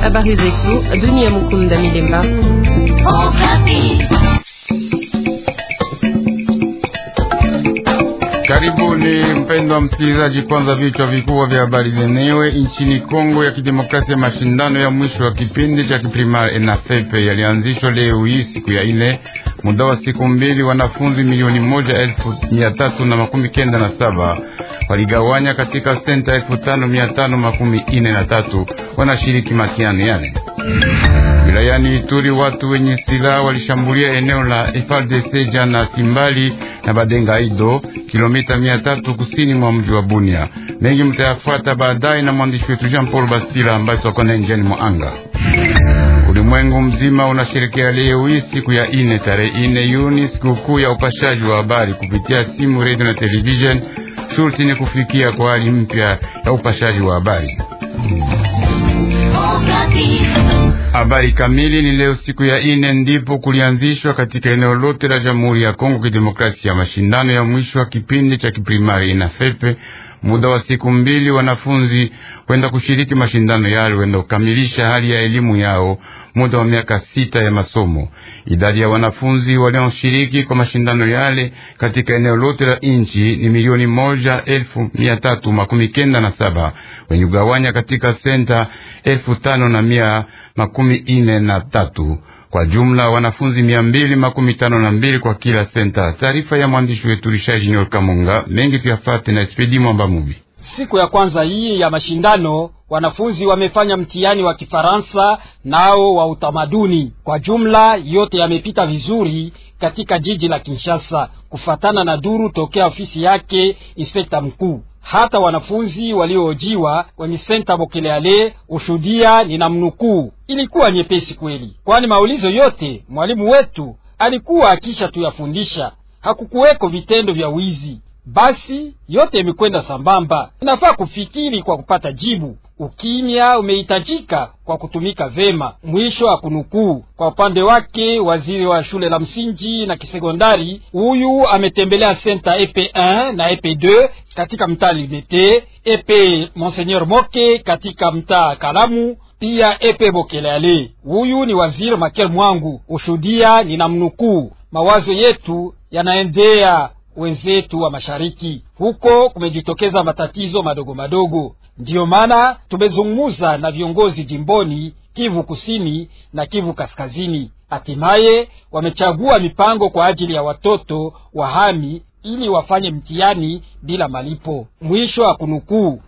Habari zetu dunia. Mukunda Milemba. Karibuni mpendwa msikilizaji, kwanza vichwa vikubwa vya habari zenyewe. Nchini Kongo ya Kidemokrasia, mashindano ya mwisho wa kipindi cha kiprimari ENAFEPE yalianzishwa leo hii siku ya ine muda wa siku mbili, wanafunzi milioni moja elfu mia tatu na makumi kenda na saba waligawanya katika senta elfu tano mia tano makumi ine na tatu wanashiriki makiano yale. Wilayani Ituri watu wenye silaha walishambulia eneo la seja jana Simbali na Badenga Ido, kilomita mia tatu kusini mwa mji wa Bunia. Mengi mtayafuata baadaye na mwandishi wetu Jean Paul Basila ambaye sokona njani mwa anga Ulimwengu mzima unasherekea leo hii siku ya ine tarehe ine Yuni, sikukuu ya upashaji wa habari kupitia simu, redio na televisheni. Shurti ni kufikia kwa hali mpya ya upashaji wa habari. Habari kamili ni leo siku ya ine ndipo kulianzishwa katika eneo lote la Jamhuri ya Kongo Kidemokrasia mashindano ya mwisho wa kipindi cha kiprimari inafepe muda wa siku mbili, wanafunzi kwenda kushiriki mashindano yale wenda kukamilisha hali ya elimu yao muda wa miaka sita ya masomo. Idadi ya wanafunzi walioshiriki kwa mashindano yale katika eneo lote la nchi ni milioni moja elfu mia tatu makumi kenda na saba wenye ugawanya katika senta elfu tano na mia makumi ine na tatu kwa jumla wanafunzi mia mbili makumi tano na mbili kwa kila senta. Taarifa ya mwandishi wetu Richard Junior Kamunga. Mengi tuyafate na Espedi Mwamba Mubi. Siku ya kwanza hii ya mashindano wanafunzi wamefanya mtihani wa Kifaransa nao wa utamaduni. Kwa jumla yote yamepita vizuri katika jiji la Kinshasa, kufatana na duru tokea ofisi yake inspekta mkuu. Hata wanafunzi waliohojiwa kwenye senta Bokeleale ushudia ni namnukuu, ilikuwa nyepesi kweli, kwani maulizo yote mwalimu wetu alikuwa akisha tuyafundisha. Hakukuweko vitendo vya wizi basi yote imekwenda sambamba. Inafaa kufikiri kwa kupata jibu. Ukimya umehitajika kwa kutumika vema. Mwisho wa kunukuu. Kwa upande wake, waziri wa shule la msingi na kisekondari huyu ametembelea senta EP1 na EP2 katika mtaa Limete, EP Monseigneur Moke katika mtaa Kalamu, pia EP Bokelale. Huyu ni waziri Makel Mwangu. Ushuhudia ninamnukuu: mawazo yetu yanaendea wenzetu wa mashariki. Huko kumejitokeza matatizo madogo madogo, ndiyo maana tumezungumza na viongozi jimboni Kivu Kusini na Kivu Kaskazini. Hatimaye wamechagua mipango kwa ajili ya watoto wa hami ili wafanye mtihani bila malipo. Mwisho wa kunukuu.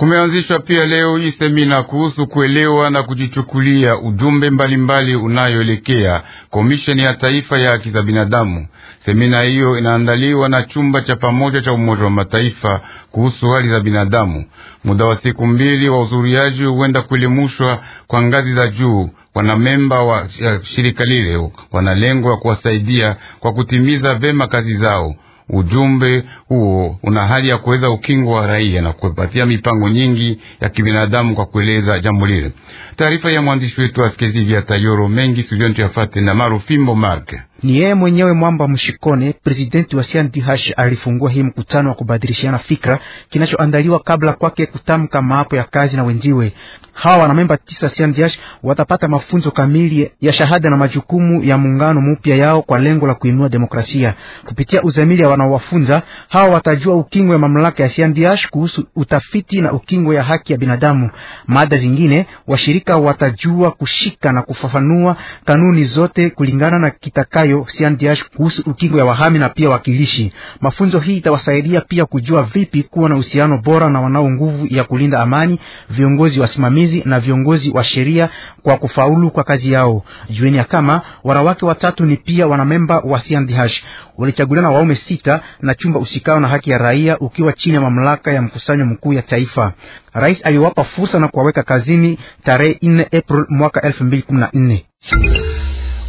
Kumeanzishwa pia leo hii semina kuhusu kuelewa na kujichukulia ujumbe mbalimbali unayoelekea Komisheni ya Taifa ya Haki za Binadamu. Semina hiyo inaandaliwa na chumba cha pamoja cha Umoja wa Mataifa kuhusu hali za binadamu. Muda wa siku mbili, wahudhuriaji huenda kuelimushwa kwa ngazi za juu. Wanamemba wa shirika lile wana lengo ya kuwasaidia kwa kutimiza vema kazi zao. Ujumbe huo una hali ya kuweza ukingwa raia na kupatia mipango nyingi ya kibinadamu kwa kueleza jambo lile. Taarifa ya mwandishi wetu Askezi vya Tayoro mengi suvyantu yafate na Marufimbo Mark. Ni yeye mwenyewe Mwamba Mshikone, presidenti wa CNDH, alifungua hii mkutano wa kubadilishana fikra kinachoandaliwa kabla kwake kutamka maapo ya kazi na wenziwe. Hawa wanamemba tisa CNDH watapata mafunzo kamili ya shahada na majukumu ya muungano mpya yao kwa lengo la kuinua demokrasia. Kupitia uzamili ya wanaowafunza hawa watajua ukingo ya mamlaka ya CNDH kuhusu utafiti na ukingo ya haki ya binadamu. Mada zingine washirika hakika watajua kushika na kufafanua kanuni zote kulingana na kitakayo CNDH kuhusu ukingo ya wahami na pia wakilishi. Mafunzo hii itawasaidia pia kujua vipi kuwa na uhusiano bora na wanao nguvu ya kulinda amani, viongozi wasimamizi na viongozi wa sheria kwa kufaulu kwa kazi yao. Jueni ya kama wanawake watatu ni pia wanamemba wa CNDH walichaguliwa na waume sita na chumba usikao na haki ya raia ukiwa chini ya mamlaka ya mkusanyo mkuu ya taifa rais aliwapa fursa na kuwaweka kazini tarehe 4 April mwaka 2014.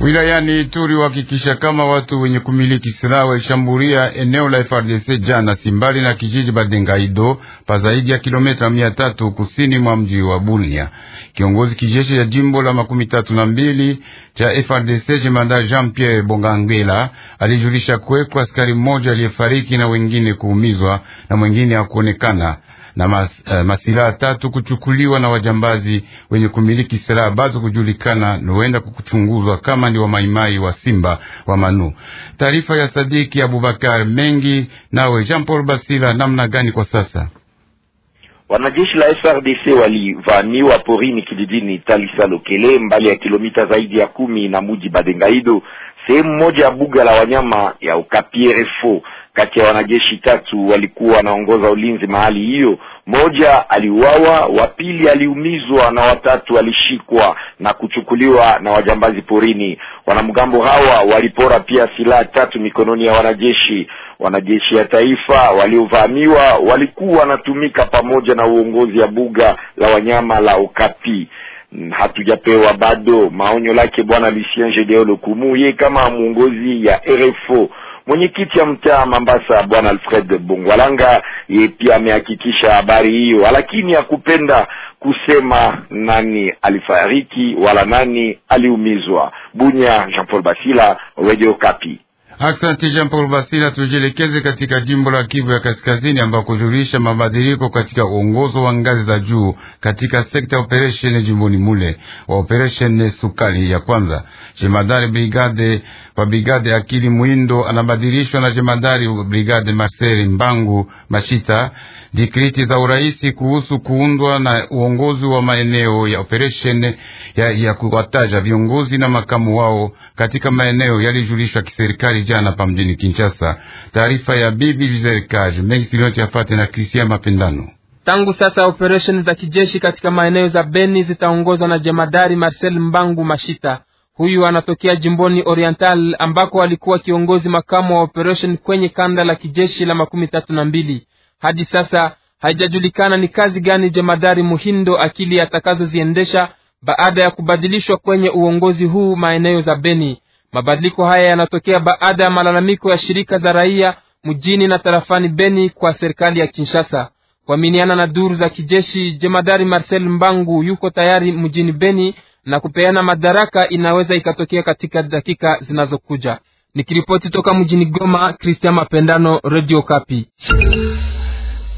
Wilayani Ituri wahakikisha kama watu wenye kumiliki silaha walishambulia eneo la frdc jana simbali na kijiji Badengaido pa zaidi ya kilometa mia tatu kusini mwa mji wa Bunia. Kiongozi kijeshi ya jimbo la makumi tatu na mbili cha frdc jemanda Jean Pierre Bongangwela alijulisha kuwekwa askari mmoja aliyefariki na wengine kuumizwa na mwengine hakuonekana na mas, uh, eh, masilaha tatu kuchukuliwa na wajambazi wenye kumiliki silaha bado kujulikana huenda kuchunguzwa kama ni wamaimai wa Simba wa Manu. Taarifa ya Sadiki Abubakar mengi nawe Jean Paul Basila. Namna gani kwa sasa wanajeshi la FRDC walivamiwa porini kijijini Talisa Lokele, mbali ya kilomita zaidi ya kumi na muji Badengaido, sehemu moja ya buga la wanyama ya Ukapierefo kati ya wanajeshi tatu walikuwa wanaongoza ulinzi mahali hiyo. moja aliuawa, wa pili aliumizwa na watatu alishikwa na kuchukuliwa na wajambazi porini. Wanamgambo hawa walipora pia silaha tatu mikononi ya wanajeshi. Wanajeshi ya taifa waliovamiwa walikuwa wanatumika pamoja na uongozi ya buga la wanyama la Okapi. Hatujapewa bado maonyo lake Bwana Lucien Gedeo Lokumu, ye kama mwongozi ya RFO Mwenyekiti ya mtaa Mambasa Bwana Alfred Bungwalanga yeye pia amehakikisha habari hiyo, lakini hakupenda kusema nani alifariki wala nani aliumizwa. Bunya, Jean Paul Basila, Radio Kapi. Asante Jean Paul Basila. Tujielekeze katika jimbo la Kivu ya Kaskazini ambao kujulisha mabadiliko katika uongozo wa ngazi za juu katika sekta ya operesheni jimboni mule wa operesheni sukali ya kwanza, jemadari brigade wa brigade Akili Mwindo anabadilishwa na jemadari wa brigade Marcel Mbangu Mashita. Dikriti za uraisi kuhusu kuundwa na uongozi wa maeneo ya operesheni ya, ya kuwataja viongozi na makamu wao katika maeneo yalijulishwa kiserikali jana pa mjini Kinshasa. Taarifa ya bibi Jiserikage Megisiliochafate na Kristian Mapendano. Tangu sasa operesheni za kijeshi katika maeneo za Beni zitaongozwa na jemadari Marcel Mbangu Mashita. Huyu anatokea jimboni Oriental ambako alikuwa kiongozi makamu wa operation kwenye kanda la kijeshi la makumi tatu na mbili. Hadi sasa haijajulikana ni kazi gani jemadari Muhindo akili atakazoziendesha baada ya kubadilishwa kwenye uongozi huu maeneo za Beni. Mabadiliko haya yanatokea baada ya malalamiko ya shirika za raia mjini na tarafani Beni kwa serikali ya Kinshasa. Kuaminiana na duru za kijeshi, jemadari Marcel Mbangu yuko tayari mjini Beni na kupeana madaraka inaweza ikatokea katika dakika zinazokuja. Nikiripoti toka mjini Goma, Christian Mapendano, Radio Kapi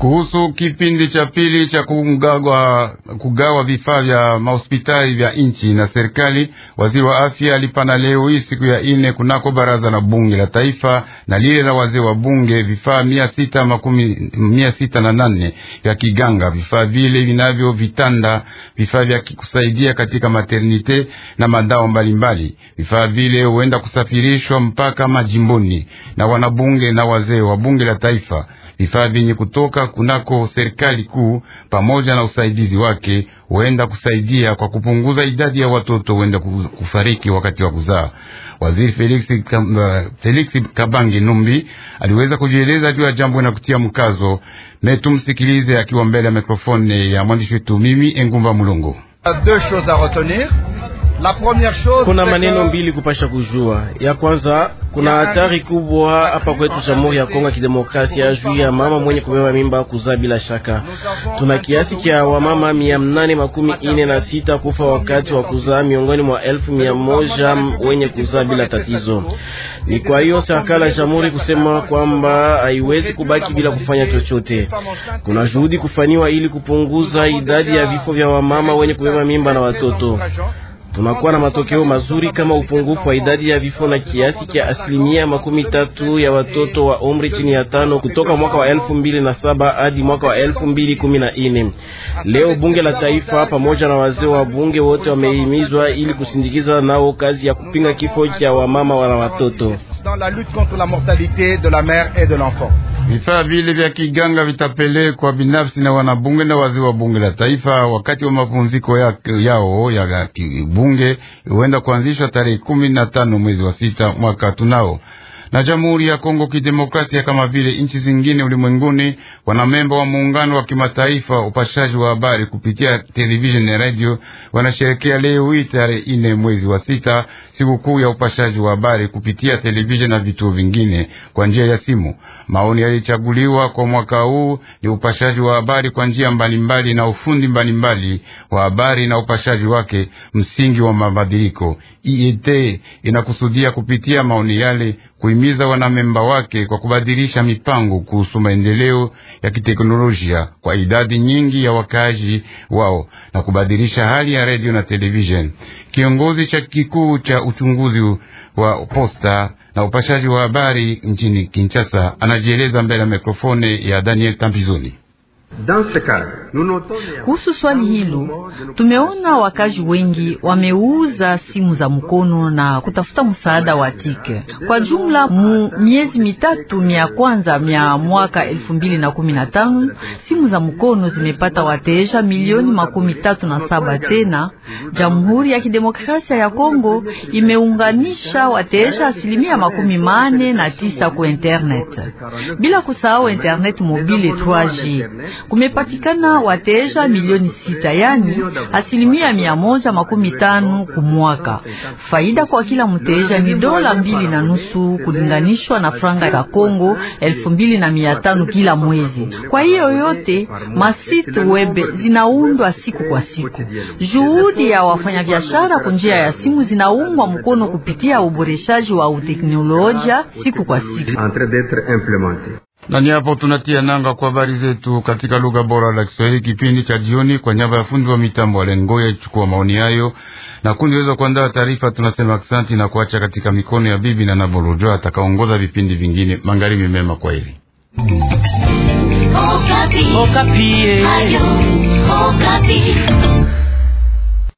kuhusu kipindi cha pili cha kugawa, kugawa vifaa vya mahospitali vya nchi na serikali. Waziri wa afya alipana leo hii siku ya ine kunako baraza la bunge la taifa na lile la wazee wa bunge vifaa mia sita makumi mia sita na nane vya kiganga, vifaa vile vinavyo vitanda, vifaa vya kusaidia katika maternite na madawa mbalimbali. Vifaa vile huenda kusafirishwa mpaka majimboni na wanabunge na wazee wa bunge la taifa vifaa vyenye kutoka kunako serikali kuu pamoja na usaidizi wake huenda kusaidia kwa kupunguza idadi ya watoto huenda kufariki wakati wa kuzaa. Waziri Felix, uh, Felix Kabange Numbi aliweza kujieleza juu ya jambo na kutia mkazo. Metumsikilize akiwa mbele ya mikrofoni ya mwandishi wetu mimi Engumba Mulongo. Uh, kuna maneno mbili kupasha kujua. Ya kwanza, kuna hatari kubwa hapa kwetu Jamhuri ya Kongo ya Kidemokrasia juu ya mama mwenye kubeba mimba kuzaa bila shaka. Tuna kiasi cha wamama mia mnane makumi ine na sita kufa wakati wa kuzaa miongoni mwa elfu mia moja wenye kuzaa bila tatizo. Ni kwa hiyo serikali ya jamhuri kusema kwamba haiwezi kubaki bila kufanya chochote. Kuna juhudi kufanywa ili kupunguza idadi ya vifo vya wamama wenye kubeba mimba na watoto tunakuwa na matokeo mazuri kama upungufu wa idadi ya vifo na kiasi cha asilimia makumi tatu ya watoto wa umri chini ya tano kutoka mwaka wa elfu mbili na saba hadi mwaka wa elfu mbili kumi na nne. Leo bunge la taifa pamoja na wazee wa bunge wote wamehimizwa ili kusindikiza nao kazi ya kupinga kifo cha wamama wana watoto. Vifaa vile vya kiganga vitapelekwa binafsi na wanabunge na wazee wa bunge la taifa wakati wa mapumziko ya, yao ya kibunge huenda kuanzishwa tarehe kumi na tano mwezi wa sita mwaka tunao na Jamhuri ya Kongo Kidemokrasia kama vile nchi zingine ulimwenguni, wanamemba wa muungano wa kimataifa upashaji wa habari kupitia televisheni na radio wanasherekea leo hii tarehe ine mwezi wa sita sikukuu ya upashaji wa habari kupitia televisheni na vituo vingine kwa njia ya simu. Maoni yalichaguliwa kwa mwaka huu ni upashaji wa habari kwa njia mbalimbali na ufundi mbalimbali wa habari na upashaji wake, msingi wa mabadiliko. IET inakusudia kupitia maoni yale kuhimiza wanamemba wake kwa kubadilisha mipango kuhusu maendeleo ya kiteknolojia kwa idadi nyingi ya wakaaji wao na kubadilisha hali ya redio na televisheni. Kiongozi cha kikuu cha uchunguzi wa posta na upashaji wa habari nchini Kinshasa anajieleza mbele ya mikrofone ya Daniel Tambizoni. Kuhusu swali hilo, tumeona wakazi wengi wameuza simu za mkono na kutafuta msaada wa tike. Kwa jumla mu miezi mitatu mia kwanza mia mwaka elfu mbili na kumi na tano simu za mkono zimepata wateja milioni makumi tatu na saba. Tena Jamhuri ya Kidemokrasia ya Kongo imeunganisha wateja asilimia makumi mane na tisa ku internet, bila kusahau internet mobile 3G kumepatikana wateja milioni sita, yani asilimia mia moja makumi tano kumwaka. Faida kwa kila mteja ni dola mbili na nusu kulinganishwa na franga ya Kongo elfu mbili na mia tano kila mwezi. Kwa hiyo yote masite webe zinaundwa siku kwa siku. Juhudi ya wafanyabiashara kwa njia ya simu zinaungwa mkono kupitia uboreshaji wa uteknolojia siku kwa siku. Na ni hapo tunatia nanga kwa habari zetu katika lugha bora la Kiswahili, kipindi cha jioni. Kwa nyamba ya fundi wa mitambo Alengoya chukua maoni hayo na kundi weza kuandaa taarifa. Tunasema asante na kuacha katika mikono ya bibi na Nabolojo atakaongoza vipindi vingine. Magharibi mema kwa hili Okapi. Okapi. Eh.